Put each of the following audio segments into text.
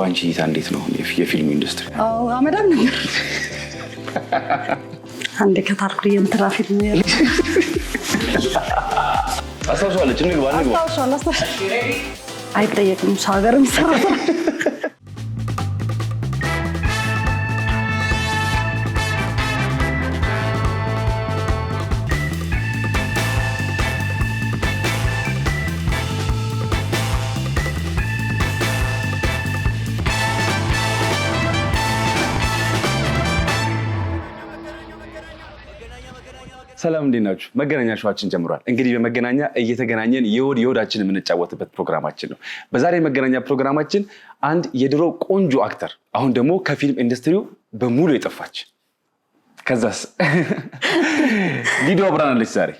በአንቺ እይታ እንዴት ነው የፊልም ኢንዱስትሪ? አመዳም ነገር አንድ ከታርኩ የእንትና ፊልም አስታውሻለች። አይጠየቅም ሰው ሀገር የሚሰራ ሰላም እንዴት ናችሁ? መገናኛ ሸዋችን ጀምሯል። እንግዲህ በመገናኛ እየተገናኘን የወድ የወዳችን የምንጫወትበት ፕሮግራማችን ነው። በዛሬ መገናኛ ፕሮግራማችን አንድ የድሮ ቆንጆ አክተር አሁን ደግሞ ከፊልም ኢንዱስትሪው በሙሉ የጠፋች ከዛስ ሊዱ አብራናለች ዛሬ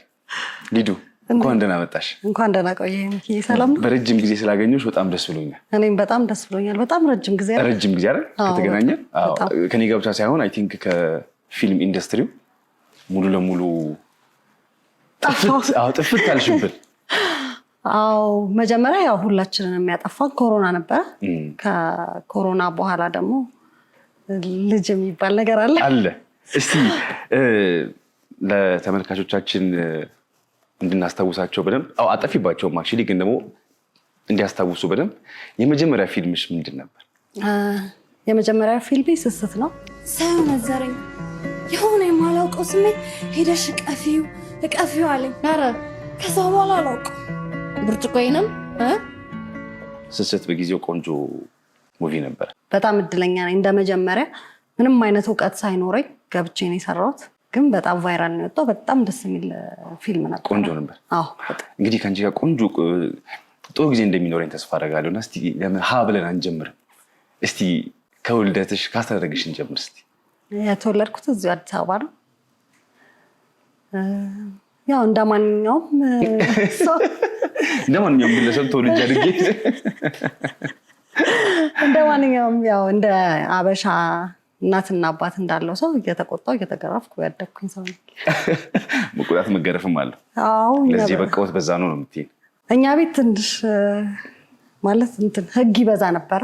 ሊዱ እንኳን ደህና መጣሽ። እንኳን ደህና ሰላም ነው። በረጅም ጊዜ ስላገኘሁሽ በጣም ደስ ብሎኛል። እኔም በጣም ደስ ብሎኛል። በጣም ረጅም ጊዜ ረጅም ጊዜ ከተገናኘን ከኔ ጋር ብቻ ሳይሆን አይ ቲንክ ከፊልም ኢንዱስትሪው ሙሉ ለሙሉ ጥፍት አልሽብን? አዎ መጀመሪያ ያው ሁላችንን የሚያጠፋን ኮሮና ነበረ። ከኮሮና በኋላ ደግሞ ልጅ የሚባል ነገር አለ አለ። እስቲ ለተመልካቾቻችን እንድናስታውሳቸው በደንብ አጠፊባቸውም አክቹዋሊ፣ ግን ደግሞ እንዲያስታውሱ በደንብ የመጀመሪያ ፊልምሽ ምንድን ነበር? የመጀመሪያ ፊልሜ ስስት ነው። ሰው ነዘረኝ የሆነ በማላውቀው ስሜት ሄደሽ ቀፊው እቀፊው አለኝ። ኧረ ከዛ በኋላ አላውቀው ብርጭቆይንም ስስት በጊዜው ቆንጆ ሙቪ ነበረ። በጣም እድለኛ ነኝ። እንደ ምንም አይነት እውቀት ሳይኖረኝ ገብቼ ነው የሰራሁት፣ ግን በጣም ቫይራል ነው የወጣው። በጣም ደስ የሚል ፊልም ነበር፣ ቆንጆ ነበር። እንግዲህ ከአንቺ ጋር ቆንጆ ጥሩ ጊዜ እንደሚኖረኝ ተስፋ አደርጋለሁ። እና እስቲ ለምን ሀ ብለን አንጀምርም? እስቲ ከውልደትሽ ካስተዳደግሽ እንጀምር። እስቲ የተወለድኩት እዚሁ አዲስ አበባ ነው። ያው እንደ ማንኛውም እንደ ማንኛውም ግለሰብ ተወልጄ አድጌ እንደ ማንኛውም ያው እንደ አበሻ እናትና አባት እንዳለው ሰው እየተቆጣው እየተገረፍኩ ያደግኩኝ ሰው ነኝ። መቆጣት መገረፍም አለ። ለዚህ የበቃሁት በዛ ነው ነው የምትይኝ? እኛ ቤት ትንሽ ማለት እንትን ህግ ይበዛ ነበረ።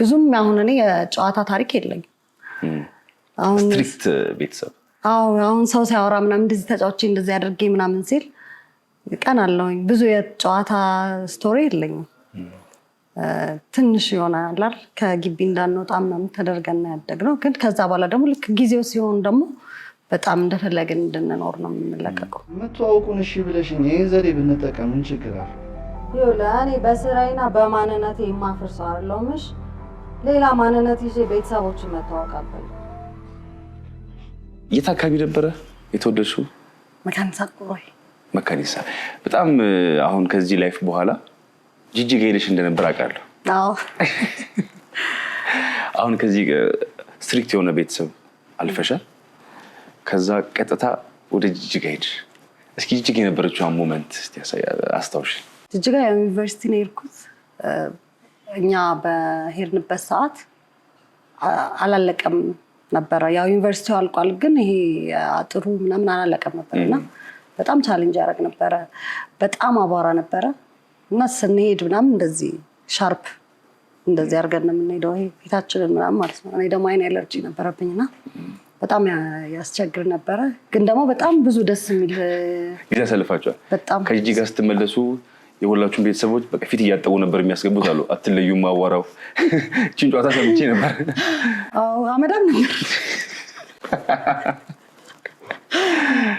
ብዙም አሁን እኔ የጨዋታ ታሪክ የለኝም። ስትሪክት ቤተሰብ አዎ አሁን ሰው ሲያወራ ምናምን እንደዚህ ተጫውቼ እንደዚህ አድርጌ ምናምን ሲል ቀን አለውኝ። ብዙ የጨዋታ ስቶሪ የለኝም። ትንሽ ይሆናላል ከግቢ እንዳንወጣ ምናምን ተደርገን ነው። ግን ከዛ በኋላ ደግሞ ልክ ጊዜው ሲሆን ደግሞ በጣም እንደፈለግን እንድንኖር ነው የምንለቀቀው። የምትዋውቁን እሺ ብለሽኝ ይህን ዘዴ ብንጠቀም ምን ችግር አለ? እኔ በስራዬና በማንነቴ የማፍር ሰው አይደለሁም። ሌላ ማንነት ይዤ ቤተሰቦችን መታወቅ አልፈልግም። የት አካባቢ ነበረ የተወደድሽው? መካኒሳ ቁሮይ። መካኒሳ በጣም አሁን ከዚህ ላይፍ በኋላ ጅጅጋ ሄደሽ እንደነበር አውቃለሁ። አሁን ከዚህ ስትሪክት የሆነ ቤተሰብ አልፈሻል። ከዛ ቀጥታ ወደ ጅጅጋ ሄድሽ። እስኪ ጅጅጋ የነበረችውን ሞመንት አስታውሽ። ጅጅጋ ዩኒቨርሲቲ ነው የሄድኩት። እኛ በሄድንበት ሰዓት አላለቀም ነበረ። ያው ዩኒቨርሲቲው አልቋል፣ ግን ይሄ አጥሩ ምናምን አላለቀም ነበር እና በጣም ቻሌንጅ ያደረግ ነበረ። በጣም አቧራ ነበረ እና ስንሄድ ምናምን እንደዚህ ሻርፕ እንደዚህ አድርገን ነው የምንሄደው፣ ይሄ ፊታችንን ምናምን ማለት ነው። እኔ ደግሞ አይን አለርጂ ነበረብኝ እና በጣም ያስቸግር ነበረ። ግን ደግሞ በጣም ብዙ ደስ የሚል ጊዜ አሳልፋቸዋል። በጣም ከጂጂ ጋር ስትመለሱ የወላችሁን ቤተሰቦች በፊት እያጠቡ ነበር የሚያስገቡት አሉ። አትለዩ ማዋራው ችን ጨዋታ ሰምቼ ነበር። አመዳም ነበር።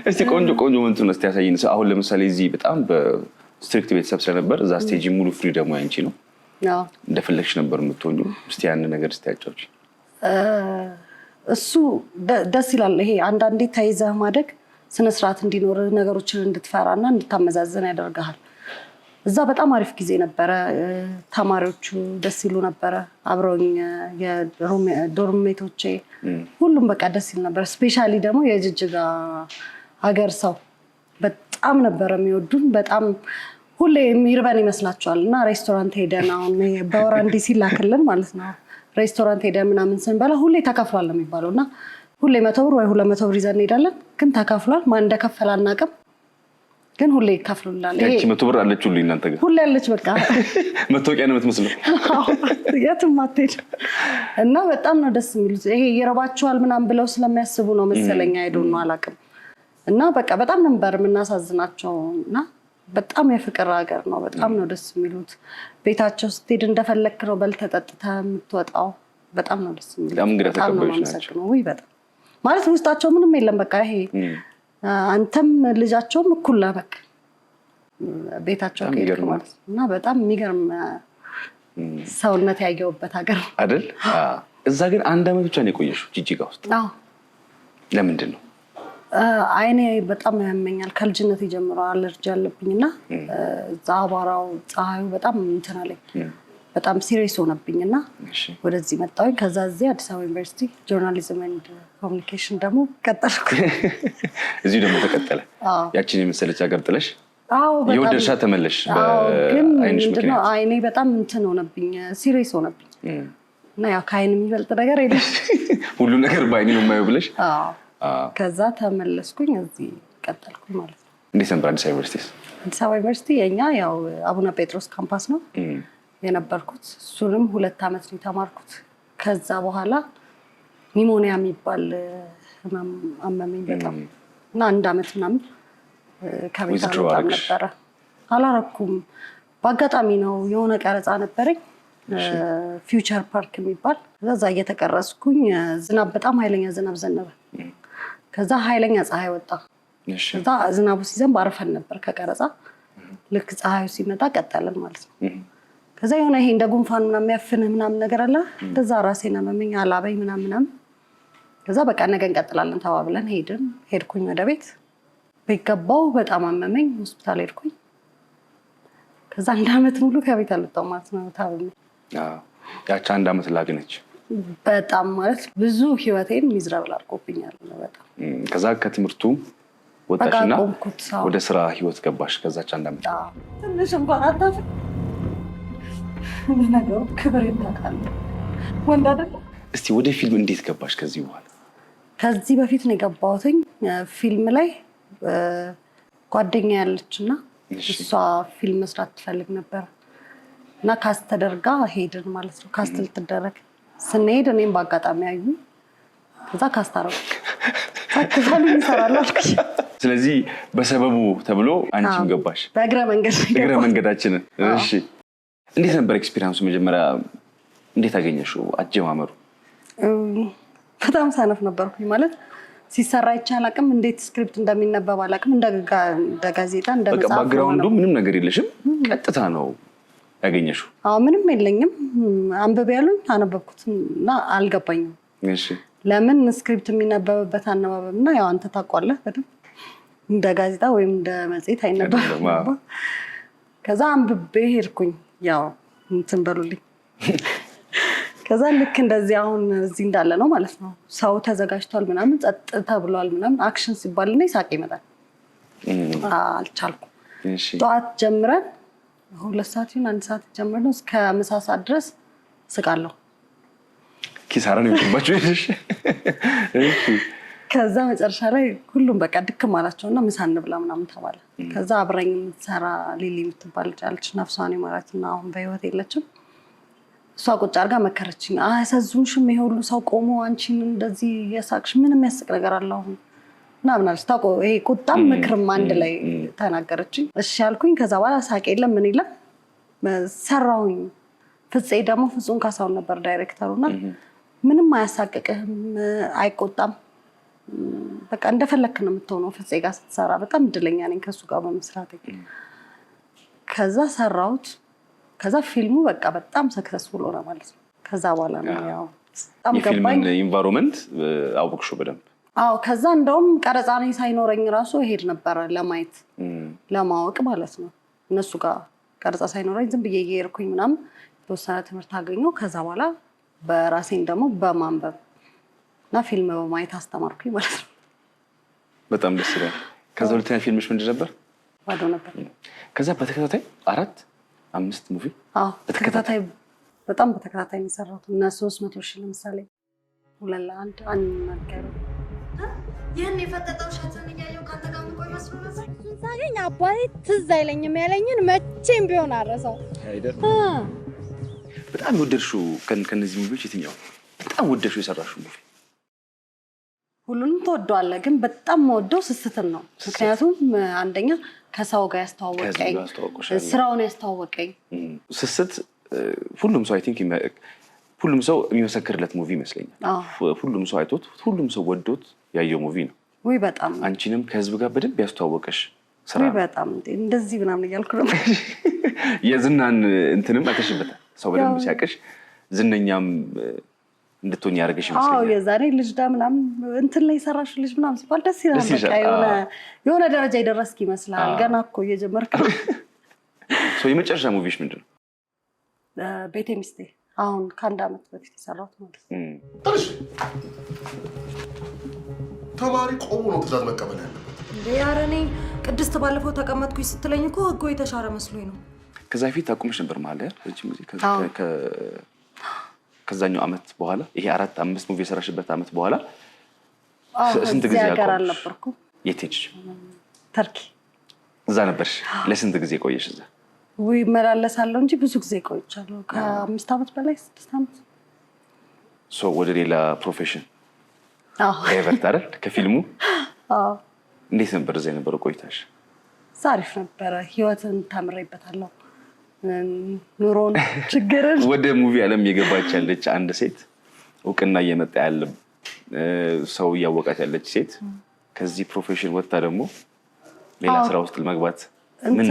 እስቲ ቆንጆ ቆንጆ መንቱን እስቲ ያሳይን። አሁን ለምሳሌ እዚህ በጣም በስትሪክት ቤተሰብ ስለነበር እዛ ስቴጅ ሙሉ ፍሪ ደግሞ ያንቺ ነው፣ እንደፈለግሽ ነበር የምትሆኙ። እስቲ ያን ነገር እስቲ ያጫዎች። እሱ ደስ ይላል። ይሄ አንዳንዴ ተይዘህ ማደግ ስነስርዓት እንዲኖር ነገሮችን እንድትፈራ እንድትፈራና እንድታመዛዘን ያደርግሃል። እዛ በጣም አሪፍ ጊዜ ነበረ። ተማሪዎቹ ደስ ይሉ ነበረ። አብረውኝ የዶርሜቶቼ ሁሉም በቃ ደስ ይል ነበረ። ስፔሻሊ ደግሞ የጅጅጋ ሀገር ሰው በጣም ነበረ የሚወዱን በጣም ሁሌ የሚርበን ይመስላቸዋል እና ሬስቶራንት ሄደን አሁን በወራንዲ ሲላክልን ማለት ነው ሬስቶራንት ሄደን ምናምን ስንበላ ሁሌ ተከፍሏል ነው የሚባለው እና ሁሌ መቶ ብር ወይ ሁለት መቶ ብር ይዘን እንሄዳለን፣ ግን ተከፍሏል። ማን እንደከፈለ አናውቅም። ግን ሁሌ ይካፍሉናል። መቶ ብር አለች ሁሉ እናንተ ጋር ሁሌ አለች። በቃ መታወቂያ ነው የምትመስለው፣ የትም አትሄድም። እና በጣም ነው ደስ የሚሉት። ይሄ ይረባቸዋል ምናምን ብለው ስለሚያስቡ ነው መሰለኛ ሄዱ ነው አላቅም እና በቃ በጣም ነበር የምናሳዝናቸው እና በጣም የፍቅር ሀገር ነው። በጣም ነው ደስ የሚሉት። ቤታቸው ስትሄድ እንደፈለክ ነው በልተህ ጠጥተህ የምትወጣው። በጣም ነው ደስ የሚሉት። በጣም ነው ማለት ውስጣቸው ምንም የለም በቃ ይሄ አንተም ልጃቸውም እኩል ላደረግ ቤታቸው ማለት እና በጣም የሚገርም ሰውነት ያየውበት ሀገር አይደል? እዛ ግን አንድ አመት ብቻ ነው የቆየሽው ጅጅጋ ውስጥ። ለምንድን ነው? አይኔ በጣም ያመኛል። ከልጅነት ጀምሮ አለርጂ አለብኝ እና እዛ አቧራው፣ ፀሐዩ በጣም እንትን አለኝ በጣም ሲሪየስ ሆነብኝ እና ወደዚህ መጣሁኝ። ከዛ እዚህ አዲስ አበባ ዩኒቨርሲቲ ጆርናሊዝም ኤንድ ኮሚኒኬሽን ደግሞ ቀጠልኩ። እዚሁ ደግሞ ተቀጠለ። ያችን የመሰለች ሀገር ጥለሽ የወደድሻ ተመለሽ። ግን አይኔ በጣም እንትን ሆነብኝ፣ ሲሪየስ ሆነብኝ እና ያው ከአይን የሚበልጥ ነገር የለሽ ሁሉ ነገር በአይኔ ነው የማየው ብለሽ ከዛ ተመለስኩኝ፣ እዚህ ቀጠልኩ ማለት ነው። እንዴት ነበር አዲስ አበባ ዩኒቨርሲቲ? አዲስ አበባ ዩኒቨርሲቲ የኛ ያው አቡነ ጴጥሮስ ካምፓስ ነው የነበርኩት። እሱንም ሁለት ዓመት ነው የተማርኩት። ከዛ በኋላ ኒሞኒያ የሚባል ህመም አመመኝ በጣም እና አንድ ዓመት ምናምን ከቤት አልወጣም ነበረ። አላረኩም። በአጋጣሚ ነው የሆነ ቀረፃ ነበረኝ ፊውቸር ፓርክ የሚባል ከዛ እየተቀረስኩኝ ዝናብ በጣም ኃይለኛ ዝናብ ዘነበ። ከዛ ኃይለኛ ፀሐይ ወጣ። ከዛ ዝናቡ ሲዘንብ አርፈን ነበር ከቀረፃ። ልክ ፀሐዩ ሲመጣ ቀጠልን ማለት ነው። ከዛ የሆነ ይሄ እንደ ጉንፋን ምናምን የሚያፍንህ ምናምን ነገር አለ። እንደዛ ራሴን አመመኝ አላበኝ ምናምን ምናምን። ከዛ በቃ ነገ እንቀጥላለን ተባብለን ሄድን። ሄድኩኝ ወደ ቤት በገባው በጣም አመመኝ። ሆስፒታል ሄድኩኝ። ከዛ አንድ አመት ሙሉ ከቤት አልወጣሁም ማለት ነው። ታብሜ ያቺ አንድ አመት ላግነች በጣም ማለት ብዙ ህይወቴን ሚዝረብል አድርጎብኛል። በጣም ከዛ ከትምህርቱ ወጣሽና ወደ ስራ ህይወት ገባሽ። ከዛች አንድ አመት ትንሽ እንኳን ለነገሩ ክብር ይታቃል ወንድ አደለ። እስቲ ወደ ፊልም እንዴት ገባሽ? ከዚህ በኋላ ከዚህ በፊት ነው የገባሁትኝ ፊልም ላይ ጓደኛ ያለች እና እሷ ፊልም መስራት ትፈልግ ነበር እና ካስት ተደርጋ ሄድን ማለት ነው። ካስት ልትደረግ ስንሄድ እኔም በአጋጣሚ ያዩ ከዛ ካስት አረጉ ታክፋሉ ይሰራል አልኩሽ። ስለዚህ በሰበቡ ተብሎ አንቺም ገባሽ በእግረ መንገድ እግረ መንገዳችንን። እሺ እንዴት ነበር ኤክስፒሪያንሱ? መጀመሪያ እንዴት አገኘሽው? አጀማመሩ በጣም ሳነፍ ነበርኩኝ ማለት ሲሰራ ይቻል አቅም እንዴት ስክሪፕት እንደሚነበብ አላቅም። እንደ ጋዜጣ እንደ መጽሐፍ ባግራውንዱ ምንም ነገር የለሽም፣ ቀጥታ ነው ያገኘሽው? አዎ ምንም የለኝም። አንብቤ ያሉኝ አነበብኩት እና አልገባኝም። ለምን ስክሪፕት የሚነበብበት አነባበብ እና ያው አንተ ታውቀዋለህ በደምብ እንደ ጋዜጣ ወይም እንደ መጽሔት አይነበብም። ከዛ አንብቤ ሄድኩኝ ያው እንትን በሉልኝ። ከዛ ልክ እንደዚህ አሁን እዚህ እንዳለ ነው ማለት ነው። ሰው ተዘጋጅቷል ምናምን ጸጥ ተብሏል ምናምን አክሽን ሲባል እና ይሳቅ ይመጣል። አልቻልኩም። ጠዋት ጀምረን ሁለት ሰዓት ይሁን አንድ ሰዓት ጀምረን እስከ ምሳ ሰዓት ድረስ ስቃለሁ። ኪሳራ ነው ከዛ መጨረሻ ላይ ሁሉም በቃ ድክም አላቸው እና ምሳ እንብላ ምናምን ተባለ። ከዛ አብረኝ የምትሰራ ሌሊ የምትባል ልጅ አለች፣ ነፍሷን ይማራትና አሁን በህይወት የለችም። እሷ ቁጭ አድርጋ መከረችኝ። አያሳዝኑሽም? ይሄ ሁሉ ሰው ቆሞ አንቺን እንደዚህ እያሳቅሽ ምን የሚያስቅ ነገር አለ አሁን ምናምን አለች። ታውቆ ይሄ ቁጣም ምክርም አንድ ላይ ተናገረችኝ። እሺ ያልኩኝ። ከዛ በኋላ ሳቅ የለም ምን የለም ሰራውኝ። ፍፄ ደግሞ ፍጹም ካሳውን ነበር ዳይሬክተሩና ምንም አያሳቅቅህም፣ አይቆጣም በቃ እንደፈለክ ነው የምትሆነው። ፍፄ ጋር ስትሰራ በጣም እድለኛ ነኝ ከእሱ ጋር በመስራት። ከዛ ሰራሁት። ከዛ ፊልሙ በቃ በጣም ሰክሰስፉል ሆነ ማለት ነው። ከዛ በኋላ ነው ያው በጣም ገባኝ። ኢንቫይሮንመንት አወቅሽው በደንብ አዎ። ከዛ እንደውም ቀረጻ እኔ ሳይኖረኝ ራሱ እሄድ ነበረ ለማየት ለማወቅ ማለት ነው። እነሱ ጋር ቀረፃ ሳይኖረኝ ዝም ብዬ እየሄድኩኝ ምናምን የተወሰነ ትምህርት አገኘሁ። ከዛ በኋላ በራሴን ደግሞ በማንበብ እና ፊልም በማየት አስተማርኩኝ ማለት ነው። በጣም ደስ ይላል። ከዛ ሁለተኛ ፊልምሽ ምንድን ነበር? ባዶ ነበር። ከዛ በተከታታይ አራት አምስት ሙቪ በተከታታይ በጣም በተከታታይ የሚሰራት እና ሶስት መቶ ሺህ ለምሳሌ ሁለት ለአንድ አንናገሩ ይህን የፈጠጠው ሸትን እያየው ከአንተ ጋር የምቆይ መስሎ ሳገኝ አባቴ ትዝ አይለኝም ያለኝን መቼም ቢሆን አረሰው። በጣም የወደድሽው ከነዚህ ሙቪዎች የትኛው በጣም ወደድሽው የሰራሽው ሙቪ ሁሉንም ተወደዋለ፣ ግን በጣም መወደው ስስትን ነው። ምክንያቱም አንደኛ ከሰው ጋር ያስተዋወቀኝ፣ ስራውን ያስተዋወቀኝ። ስስት ሁሉም ሰው አይ ቲንክ ሁሉም ሰው የሚመሰክርለት ሙቪ ይመስለኛል። ሁሉም ሰው አይቶት ሁሉም ሰው ወዶት ያየው ሙቪ ነው። ውይ በጣም አንቺንም ከህዝብ ጋር በደንብ ያስተዋወቀሽ ስራ በጣም እንደዚህ ምናምን እያልኩ ነው። የዝናን እንትንም አይተሽበታል። ሰው በደንብ ሲያቀሽ ዝነኛም እንድትሆኝ ያደርግሽ ይመስለኛል። የዛሬ ልጅ ዳ ምናምን እንትን ላይ የሰራሽ ልጅ ምናምን ሲባል ደስ ይላል። በቃ የሆነ ደረጃ የደረስክ ይመስላል። ገና እኮ እየጀመርክ ነው። የመጨረሻ ሙቪሽ ምንድን ነው? ቤቴ ሚስቴ፣ አሁን ከአንድ ዓመት በፊት የሰራሁት ማለት ነው። ተማሪ ቆሙ ነው ትእዛዝ መቀበል ያለበት። ኧረ እኔ ቅድስት ባለፈው ተቀመጥኩኝ ስትለኝ እኮ ህጎ የተሻረ መስሎኝ ነው። ከዛ ፊት ታቁምሽ ነበር ማለ ረጅም ጊዜ ከዛኛው አመት በኋላ ይሄ አራት አምስት ሙቪ የሰራሽበት አመት በኋላ ስንት ጊዜ ያቀር የት ሄድሽ? ተርኪ። እዛ ነበርሽ? ለስንት ጊዜ ቆየሽ እዛ? ውይ እመላለሳለሁ እንጂ ብዙ ጊዜ ቆይቻለሁ። ከአምስት አመት በላይ ስድስት አመት ወደ ሌላ ፕሮፌሽን ዳይቨርት አይደል? ከፊልሙ እንዴት ነበር እዛ የነበረው ቆይታሽ? አሪፍ ነበረ። ህይወትን ታምሬበታለሁ ኑሮን ችግርን ወደ ሙቪ አለም እየገባች ያለች አንድ ሴት እውቅና እየመጣ ያለም ሰው እያወቃት ያለች ሴት ከዚህ ፕሮፌሽን ወጥታ ደግሞ ሌላ ስራ ውስጥ ለመግባት ምን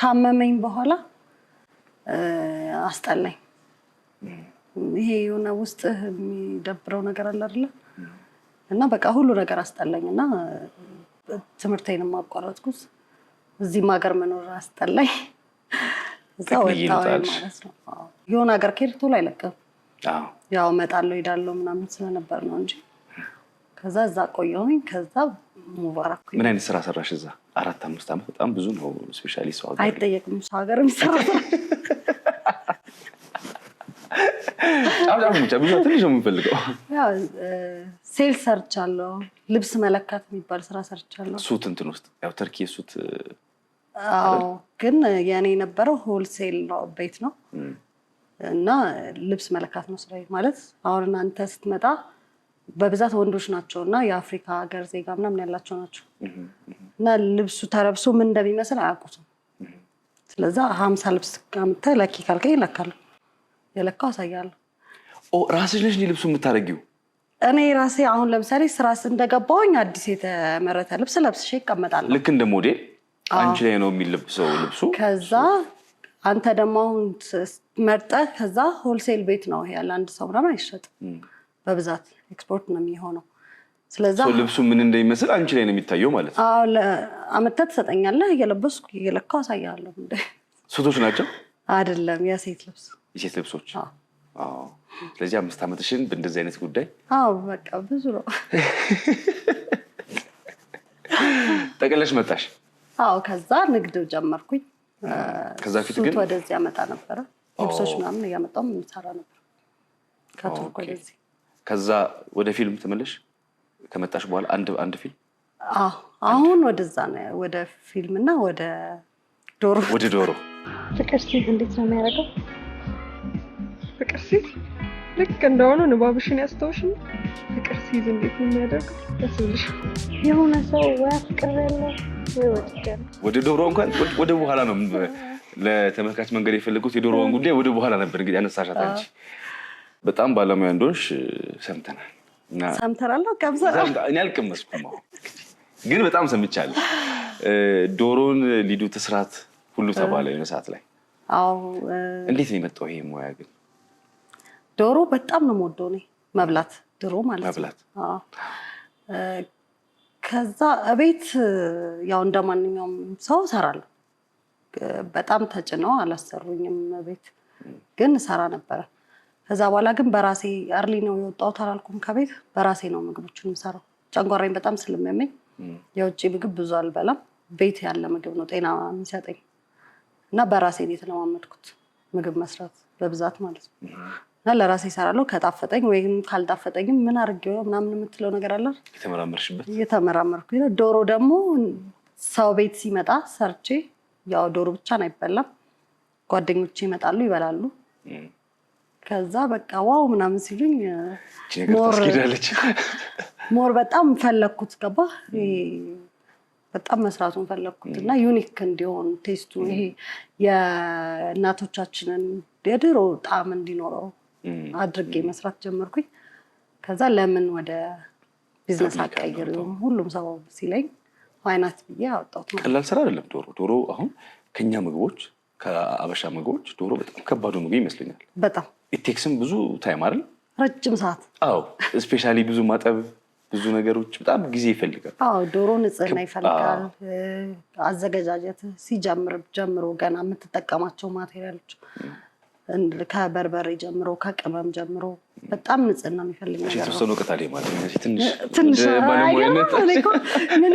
ካመመኝ በኋላ አስጠላኝ። ይሄ የሆነ ውስጥ የሚደብረው ነገር አለ አይደለ? እና በቃ ሁሉ ነገር አስጠላኝ እና ትምህርቴን የማቋረጥኩት እዚህም ሀገር መኖር አስጠላኝ። ነው። የሆነ ሀገር ከሄድ ቶሎ አይለቀም። ያው እመጣለሁ እሄዳለሁ ምናምን ስለነበር ነው እንጂ ከዛ እዛ ቆየሁኝ። ከዛ ሙባረክ ምን አይነት ስራ ሰራሽ እዛ? አራት አምስት ዓመት በጣም ብዙ ነው። ስፔሻሊ ሰው ሀገር አይጠየቅም። ሰው ሀገር ብዙ ትንሽ ነው የምንፈልገው። ሰርቻለሁ። ልብስ መለካት የሚባል ስራ ሰርቻለሁ። ሱት እንትን ውስጥ ያው ተርኪ ሱት አዎ ግን የኔ የነበረው ሆልሴል ነው ቤት ነው እና ልብስ መለካት ነው ስራዬ። ማለት አሁን እናንተ ስትመጣ በብዛት ወንዶች ናቸው እና የአፍሪካ ሀገር ዜጋ ምናምን ያላቸው ናቸው እና ልብሱ ተለብሶ ምን እንደሚመስል አያውቁትም። ስለዛ ሀምሳ ልብስ ምተ ለኪ ካልከኝ ይለካሉ። የለካው አሳያለሁ። ራስሽ ነሽ ልብሱ የምታደርጊው? እኔ ራሴ አሁን ለምሳሌ ስራ እንደገባውኝ አዲስ የተመረተ ልብስ ለብስሽ ይቀመጣል። ልክ እንደ ሞዴል አንቺ ላይ ነው የሚለብሰው ልብሱ። ከዛ አንተ ደግሞ አሁን መርጠህ ከዛ ሆልሴል ቤት ነው ያለ አንድ ሰው ምናምን አይሸጥም በብዛት ኤክስፖርት ነው የሚሆነው። ስለዛ ልብሱ ምን እንደሚመስል አንቺ ላይ ነው የሚታየው ማለት ነው። አመተህ ትሰጠኛለህ፣ እየለበስኩ እየለካው አሳያለሁ። ሴቶች ናቸው አይደለም የሴት ልብስ የሴት ልብሶች። ስለዚህ አምስት ዓመትሽን በእንደዚህ አይነት ጉዳይ በቃ ብዙ ነው ጠቅለሽ መጣሽ። አዎ ከዛ ንግድ ጀመርኩኝ። ከዛ ፊት ግን ወደዚህ ያመጣ ነበረ ልብሶች ምናምን እያመጣሁ የምሰራ ነበር ከቱርክ ወደዚህ። ከዛ ወደ ፊልም ትመለሽ ከመጣሽ በኋላ አንድ አንድ ፊልም አሁን ወደዛ ነው ወደ ፊልምና ወደ ዶሮ ወደ ዶሮ ፍቅር ሴት እንዴት ነው የሚያደርገው? ፍቅር ሴት ልክ እንደሆኑ ንባብሽን ያስታውሽ ነው ሲይዝ እንዴት ነው የሚያደርገው? የሆነ ሰው ወይ አፍቅር ያለው ወይ ወድጃለሁ። ወደ ዶሮ እንኳን ወደ በኋላ ነው ለተመልካች መንገድ የፈለጉት የዶሮዋን ጉዳይ ወደ በኋላ ነበር እንግዲህ ያነሳሻት አንቺ በጣም ባለሙያ እንደሆንሽ ሰምተናል። ሰምተናል እኔ አልቀመስኩም ግን በጣም ሰምቻለሁ። ዶሮን ሊዱ ትስራት ሁሉ ተባለ የሆነ ሰዓት ላይ። እንዴት ነው የመጣው ይሄ ሙያ ግን? ዶሮ በጣም ነው የምወደው እኔ መብላት ድሮ ማለት ነው። ከዛ እቤት ያው እንደ ማንኛውም ሰው እሰራለሁ። በጣም ተጭነው አላሰሩኝም ቤት ግን እሰራ ነበረ። ከዛ በኋላ ግን በራሴ አርሊ ነው የወጣሁት አላልኩም ከቤት በራሴ ነው ምግቦችን የምሰራው። ጨንጓራኝ በጣም ስለሚያመኝ የውጭ ምግብ ብዙ አልበላም። ቤት ያለ ምግብ ነው ጤና የሚሰጠኝ እና በራሴ ነው የተለማመድኩት ምግብ መስራት በብዛት ማለት ነው። እና ለራሴ ይሰራለሁ። ከጣፈጠኝ ወይም ካልጣፈጠኝም ምን አድርጌ ምናምን የምትለው ነገር አለ። የተመራመርሽበት ዶሮ ደግሞ ሰው ቤት ሲመጣ ሰርቼ ያው ዶሮ ብቻን አይበላም። ጓደኞች ይመጣሉ ይበላሉ። ከዛ በቃ ዋው ምናምን ሲሉኝ ሞር በጣም ፈለግኩት። ገባ በጣም መስራቱን ፈለግኩት እና ዩኒክ እንዲሆን ቴስቱ ይሄ የእናቶቻችንን የድሮ ጣዕም እንዲኖረው አድርጌ መስራት ጀመርኩኝ። ከዛ ለምን ወደ ቢዝነስ አልቀይርም ሁሉም ሰው ሲለኝ ፋይናንስ ብዬ አወጣሁት። ቀላል ስራ አይደለም ዶሮ። ዶሮ አሁን ከኛ ምግቦች ከአበሻ ምግቦች ዶሮ በጣም ከባዱ ምግብ ይመስለኛል። በጣም ኢቴክስም ብዙ ታይም አይደል? ረጅም ሰዓት። አዎ ስፔሻሊ ብዙ ማጠብ ብዙ ነገሮች በጣም ጊዜ ይፈልጋል። አዎ ዶሮ ንጽህና ይፈልጋል። አዘገጃጀት ሲጀምር ጀምሮ ገና የምትጠቀማቸው ማቴሪያሎች ከበርበሬ ጀምሮ ከቅመም ጀምሮ በጣም ንጽህና የሚፈልግ የተወሰኑ ቅታሌ ማለት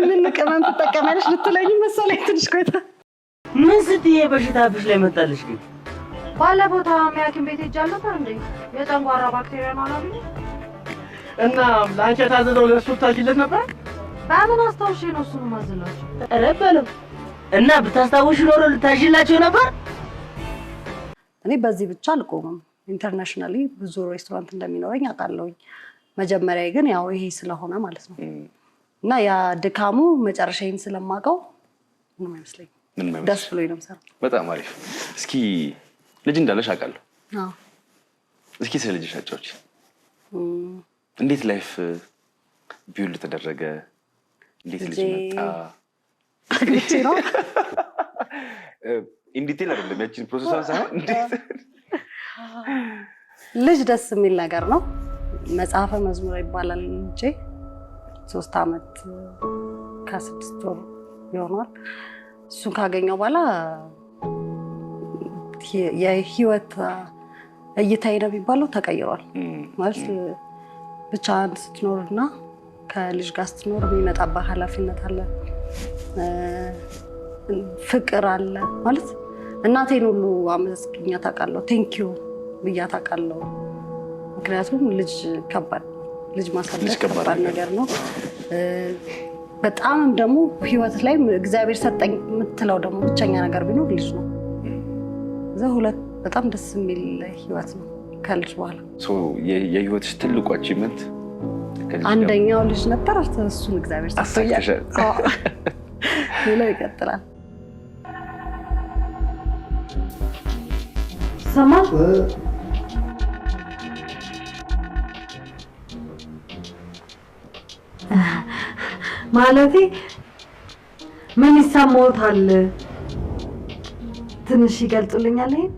ምን ቅመም ትጠቀሚያለሽ ልትለኝ መሰለኝ። ትንሽ ቆይታ ምን ስትይ በሽታ ብሽ ላይ መጣለሽ? ግን ባለ ቦታ ሐኪም ቤት ሄጃለሁ። እንደ የጠንጓራ ባክቴሪያ ማለት እና ለአንቺ ታዘዘው ለእሱ ታጅለት ነበር። በምን አስታውሽ ነው እሱን ማዝላቸው? ረበለም እና ብታስታውሽ ኖሮ ልታሽላቸው ነበር እኔ በዚህ ብቻ አልቆምም። ኢንተርናሽናሊ ብዙ ሬስቶራንት እንደሚኖረኝ አውቃለሁኝ። መጀመሪያ ግን ያው ይሄ ስለሆነ ማለት ነው እና ያ ድካሙ መጨረሻዬን ስለማውቀው ምንም አይመስለኝ ደስ ብሎኝ ነው የምሰራው። በጣም አሪፍ። እስኪ ልጅ እንዳለሽ አውቃለሁ። እስኪ ስለ ልጅሽ አጫዎች። እንዴት ላይፍ ቢውል ተደረገ? እንዴት ልጅ መጣ ነው ኢንዲቴል አይደለም ያችን ፕሮሰሷን ሳይሆን ልጅ ደስ የሚል ነገር ነው። መጽሐፈ መዝሙር ይባላል። ልጄ ሶስት ዓመት ከስድስት ወር ይሆኗል። እሱን ካገኘው በኋላ የህይወት እይታዬ ነው የሚባለው ተቀይሯል። ማለት ስትኖር እና ከልጅ ጋር ስትኖር የሚመጣበት ኃላፊነት አለ፣ ፍቅር አለ ማለት እናቴን ሁሉ አመስግኛ ታውቃለሁ። ቴንኪዩ ብያ ታውቃለሁ። ምክንያቱም ልጅ ከባድ ልጅ ማሳደግ ከባድ ነገር ነው። በጣምም ደግሞ ህይወት ላይ እግዚአብሔር ሰጠኝ የምትለው ደግሞ ብቸኛ ነገር ቢኖር ልጅ ነው። እዛ ሁለት በጣም ደስ የሚል ህይወት ነው ከልጅ በኋላ የህይወትሽ ትልቁ አቺመንት አንደኛው ልጅ ነበር። እሱን እግዚአብሔር ሰጠኝ። ሌላው ይቀጥላል። Сама? Це... ማለቴ ምን ይሰማዎታል? ትንሽ ይገልጹልኛል። ይሄን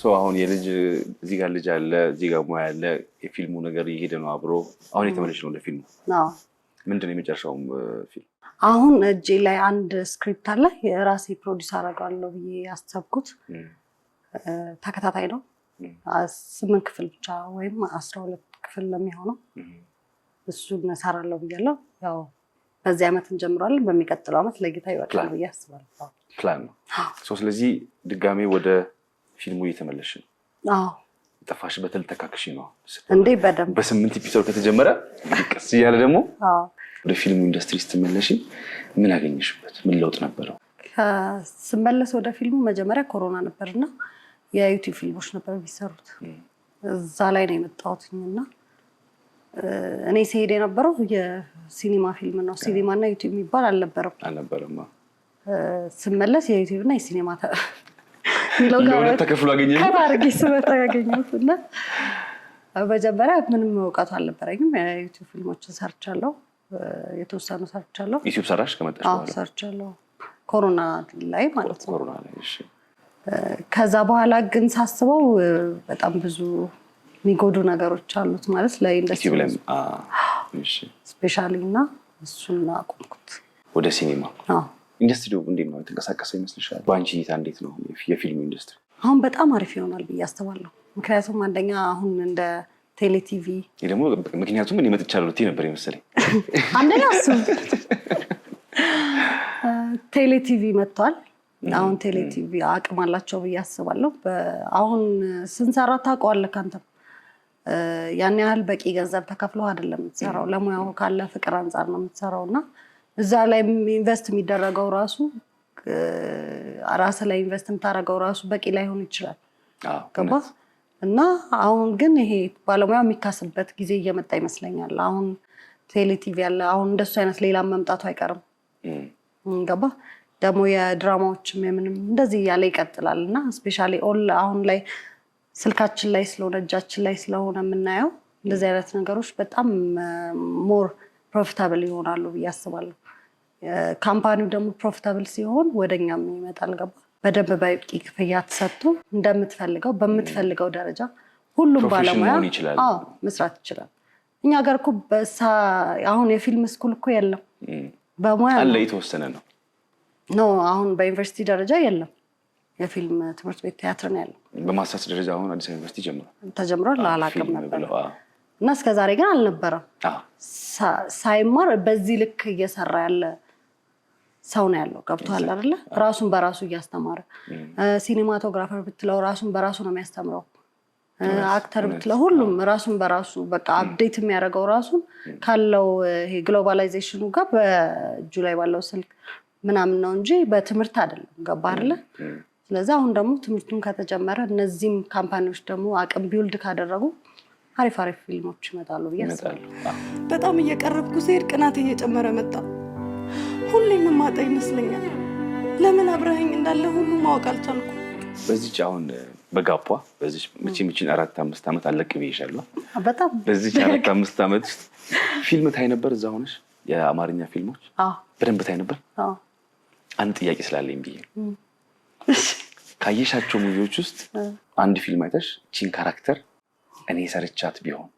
ሰው አሁን የልጅ እዚህ ጋር ልጅ አለ፣ እዚህ ጋር ሙያ አለ። የፊልሙ ነገር እየሄደ ነው አብሮ። አሁን የተመለስሽ ነው ለፊልሙ? ምንድን ነው የመጨረሻውም ፊልም አሁን እጄ ላይ አንድ ስክሪፕት አለ የራሴ ፕሮዲስ አደርጋለሁ ብዬ ያሰብኩት ተከታታይ ነው። ስምንት ክፍል ብቻ ወይም አስራ ሁለት ክፍል ለሚሆነው እሱን እሰራለሁ ብያለሁ። ያው በዚህ ዓመት እንጀምረዋለን። በሚቀጥለው ዓመት ለጌታ ይወጣል ብዬ አስባለሁ። ፕላን ነው። ስለዚህ ድጋሜ ወደ ፊልሙ እየተመለሽ ነው። ጠፋሽ በትል ተካክሽ ነው እንዴ? በደምብ በስምንት ኢፒሶድ ከተጀመረ ቀስ እያለ ደግሞ ወደ ፊልሙ ኢንዱስትሪ ስትመለሽ ምን አገኘሽበት? ምን ለውጥ ነበረው? ስመለስ ወደ ፊልሙ መጀመሪያ ኮሮና ነበርና የዩቲዩብ ፊልሞች ነበር የሚሰሩት። እዛ ላይ ነው እና እኔ ሲሄድ የነበረው የሲኒማ ፊልም ነው። ሲኒማ እና ዩቲዩብ የሚባል አልነበረም አልነበረም። ስመለስ የዩቲዩብ እና የሲኒማ ተከፍሎ አገኘ ስመጣ ያገኘሁት እና መጀመሪያ ምንም እውቀቱ አልነበረኝም። የዩቲዩብ ፊልሞችን ሰርቻለሁ። የተወሰኑ ሰርቻለሁ። ዩቲዩብ ሰራሽ ከመጣሽ በኋላ ሰርቻለሁ፣ ኮሮና ላይ ማለት ነው። ኮሮና ላይ እሺ። ከዛ በኋላ ግን ሳስበው በጣም ብዙ የሚጎዱ ነገሮች አሉት ማለት ለኢንዱስትሪ ስፔሻሊ እና እሱን አቆምኩት። ወደ ሲኒማ ኢንዱስትሪው እንዴት ነው የተንቀሳቀሰው ይመስልሻል? በአንቺ እይታ እንዴት ነው የፊልም ኢንዱስትሪ አሁን? በጣም አሪፍ ይሆናል ብዬ አስባለሁ። ምክንያቱም አንደኛ አሁን እንደ ቴሌቲቪ ደግሞ ምክንያቱም እኔ መጥቻለሁ ቲ ነበር የመሰለኝ አንደኛ እሱ ቴሌቲቪ መጥቷል። አሁን ቴሌቲቪ አቅም አላቸው ብዬ አስባለሁ። አሁን ስንሰራ ታቋዋለ ካንተም ያን ያህል በቂ ገንዘብ ተከፍሎ አይደለም የምትሰራው። ለሙያው ካለ ፍቅር አንጻር ነው የምትሰራው እና እዛ ላይ ኢንቨስት የሚደረገው ራሱ ራስ ላይ ኢንቨስት የምታደርገው ራሱ በቂ ላይሆን ይችላል። ገባ እና አሁን ግን ይሄ ባለሙያ የሚካስበት ጊዜ እየመጣ ይመስለኛል። አሁን ቴሌቲቪ ያለ አሁን እንደሱ አይነት ሌላ መምጣቱ አይቀርም። ገባ ደግሞ የድራማዎችም የምንም እንደዚህ እያለ ይቀጥላል እና ስፔሻሊ ኦል አሁን ላይ ስልካችን ላይ ስለሆነ እጃችን ላይ ስለሆነ የምናየው እንደዚህ አይነት ነገሮች በጣም ሞር ፕሮፊታብል ይሆናሉ ብዬ አስባለሁ። ካምፓኒው ደግሞ ፕሮፊታብል ሲሆን ወደኛም ይመጣል። ገባ በደንብ በቂ ክፍያ ተሰጥቶ እንደምትፈልገው በምትፈልገው ደረጃ ሁሉም ባለሙያ መስራት ይችላል። እኛ ጋር እኮ በሳ አሁን የፊልም ስኩል እኮ የለም። በሙያ አለ የተወሰነ ነው ኖ አሁን በዩኒቨርሲቲ ደረጃ የለም። የፊልም ትምህርት ቤት ቲያትር ነው ያለው። በማሳስ ደረጃ አሁን አዲስ ዩኒቨርሲቲ ጀምሯል ተጀምሯል። አላውቅም ነበር እና እስከዛሬ ግን አልነበረም። ሳይማር በዚህ ልክ እየሰራ ያለ ሰው ነው ያለው። ገብቷል አይደለ? ራሱን በራሱ እያስተማረ ሲኒማቶግራፈር ብትለው ራሱን በራሱ ነው የሚያስተምረው። አክተር ብትለው ሁሉም ራሱን በራሱ በቃ አፕዴት የሚያደርገው ራሱን ካለው ይሄ ግሎባላይዜሽኑ ጋር በእጁ ላይ ባለው ስልክ ምናምን ነው እንጂ በትምህርት አይደለም። ገባ አይደለ? ስለዚህ አሁን ደግሞ ትምህርቱን ከተጀመረ እነዚህም ካምፓኒዎች ደግሞ አቅም ቢውልድ ካደረጉ አሪፍ አሪፍ ፊልሞች ይመጣሉ ብዬ አስባለሁ። በጣም እየቀረብኩ ሲሄድ ቅናት እየጨመረ መጣ። ሁሌ የማጣ ይመስለኛል። ለምን አብረኸኝ እንዳለ ሁሉ ማወቅ አልቻልኩ። በዚች አሁን በጋቧ በዚች ምቺ ምቺን አራት አምስት ዓመት አለቅ ብዬሻለሁ። በጣም በዚች አራት አምስት ዓመት ውስጥ ፊልም ታይ ነበር እዛ ሆነሽ የአማርኛ ፊልሞች በደንብ ታይ ነበር። አንድ ጥያቄ ስላለኝ ብዬ ካየሻቸው ሙቪዎች ውስጥ አንድ ፊልም አይተሽ ቺን ካራክተር እኔ ሰርቻት ቢሆን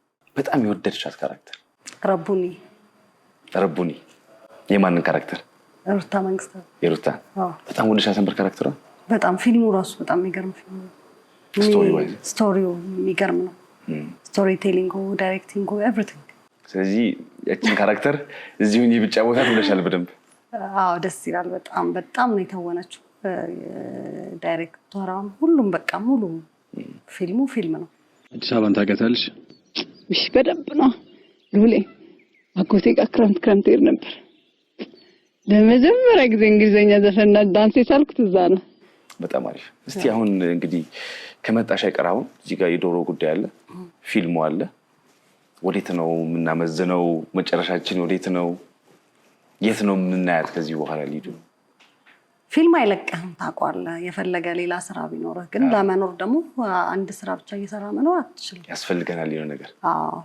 በጣም የወደድሻት ካራክተር? ረቡኒ ረቡኒ የማንን ካራክተር? ሩታ መንግስታት። የሩታ በጣም ወደሻት ነበር ካራክተሩ በጣም ፊልሙ ራሱ በጣም የሚገርም ፊልም ስቶሪው የሚገርም ነው። ስቶሪ ቴሊንጉ፣ ዳይሬክቲንጉ፣ ኤቭሪቲንግ። ስለዚህ ያችን ካራክተር እዚሁን የብጫ ቦታ ትብለሻል በደንብ አዎ ደስ ይላል። በጣም በጣም ነው የተወነችው። ዳይሬክተሯም ሁሉም በቃ ሙሉ ፊልሙ ፊልም ነው። አዲስ አበባን ታውቂያታለሽ? በደንብ ነው። ሉሌ አጎቴ ጋር ክረምት ክረምት ሄድ ነበር ለመጀመሪያ ጊዜ እንግሊዝኛ ዘፈና ዳንስ የቻልኩ ትዛ ነው። በጣም አሪፍ። እስቲ አሁን እንግዲህ ከመጣሽ አይቀር አሁን እዚህ ጋር የዶሮ ጉዳይ አለ፣ ፊልሙ አለ። ወዴት ነው የምናመዝነው? መጨረሻችን ወዴት ነው? የት ነው የምናያት? ከዚህ በኋላ ሊዱ ፊልም አይለቀህም ታውቀዋለህ። የፈለገ ሌላ ስራ ቢኖርህ ግን ለመኖር ደግሞ አንድ ስራ ብቻ እየሰራ መኖር አትችልም። ያስፈልገናል የሆነ ነገር።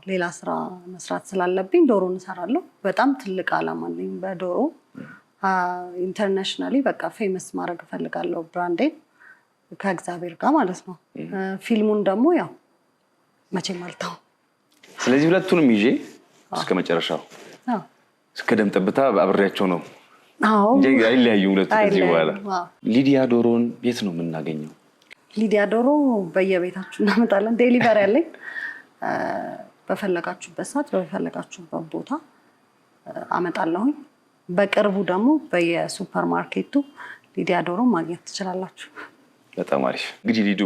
ሌላ ስራ መስራት ስላለብኝ ዶሮ እንሰራለሁ። በጣም ትልቅ አላማ አለኝ በዶሮ ኢንተርናሽናሊ በቃ ፌመስ ማድረግ እፈልጋለሁ ብራንዴን ከእግዚአብሔር ጋር ማለት ነው። ፊልሙን ደግሞ ያው መቼም አልተው። ስለዚህ ሁለቱንም ይዤ እስከ መጨረሻው እስከ ደም ጠብታ አብሬያቸው ነው። አይለያዩ ሁለቱ። ከዚህ በኋላ ሊዲያ ዶሮን የት ነው የምናገኘው? ሊዲያ ዶሮ በየቤታችሁ እናመጣለን። ዴሊቨር ያለኝ በፈለጋችሁበት ሰዓት በፈለጋችሁበት ቦታ አመጣለሁኝ። በቅርቡ ደግሞ በየሱፐር ማርኬቱ ሊዲያ ዶሮ ማግኘት ትችላላችሁ። በጣም አሪፍ። እንግዲህ ሊዱ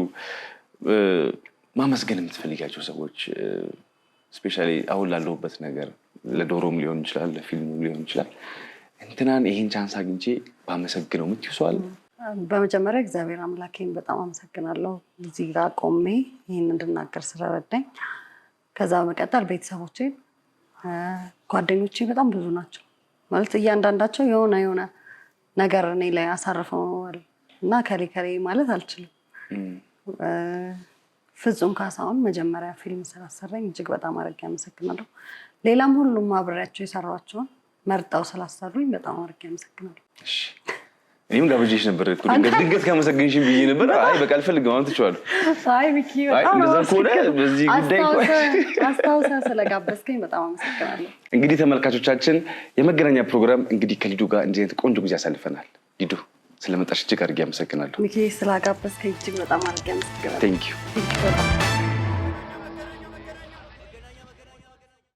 ማመስገን የምትፈልጋቸው ሰዎች ስፔሻሊ አሁን ላለሁበት ነገር ለዶሮም ሊሆን ይችላል፣ ለፊልሙ ሊሆን ይችላል። እንትናን ይህን ቻንስ አግኝቼ ባመሰግነው ምትይሰዋል? በመጀመሪያ እግዚአብሔር አምላኬን በጣም አመሰግናለሁ እዚህ ጋር ቆሜ ይህን እንድናገር ስለረዳኝ። ከዛ በመቀጠል ቤተሰቦቼን፣ ጓደኞቼ በጣም ብዙ ናቸው ማለት እያንዳንዳቸው የሆነ የሆነ ነገር እኔ ላይ አሳርፈዋል እና ከሌ ከሌ ማለት አልችልም። ፍጹም ካሳሁን መጀመሪያ ፊልም ስላሰራኝ እጅግ በጣም አድርጌ አመሰግናለሁ። ሌላም ሁሉም አብሬያቸው የሰሯቸውን መርጠው ስላሰሩኝ በጣም አድርጌ አመሰግናለሁ። እኔም ጋብዤሽ ነበር ድንገት ካመሰገንሽን ብዬ ነበር። አይ በቃ አልፈልግም ማለት ትችዋለሁ። ጉዳይ አስታውሰህ ስለጋበዝከኝ በጣም አመሰግናለሁ። እንግዲህ ተመልካቾቻችን የመገናኛ ፕሮግራም እንግዲህ ከሊዱ ጋር እንዲህ ዓይነት ቆንጆ ጊዜ አሳልፈናል። ሊዱ ስለመጣሽ እጅግ አድርጌ አመሰግናለሁ። ሚኪ ስላጋበዝከኝ እጅግ በጣም አድርጌ አመሰግናለሁ።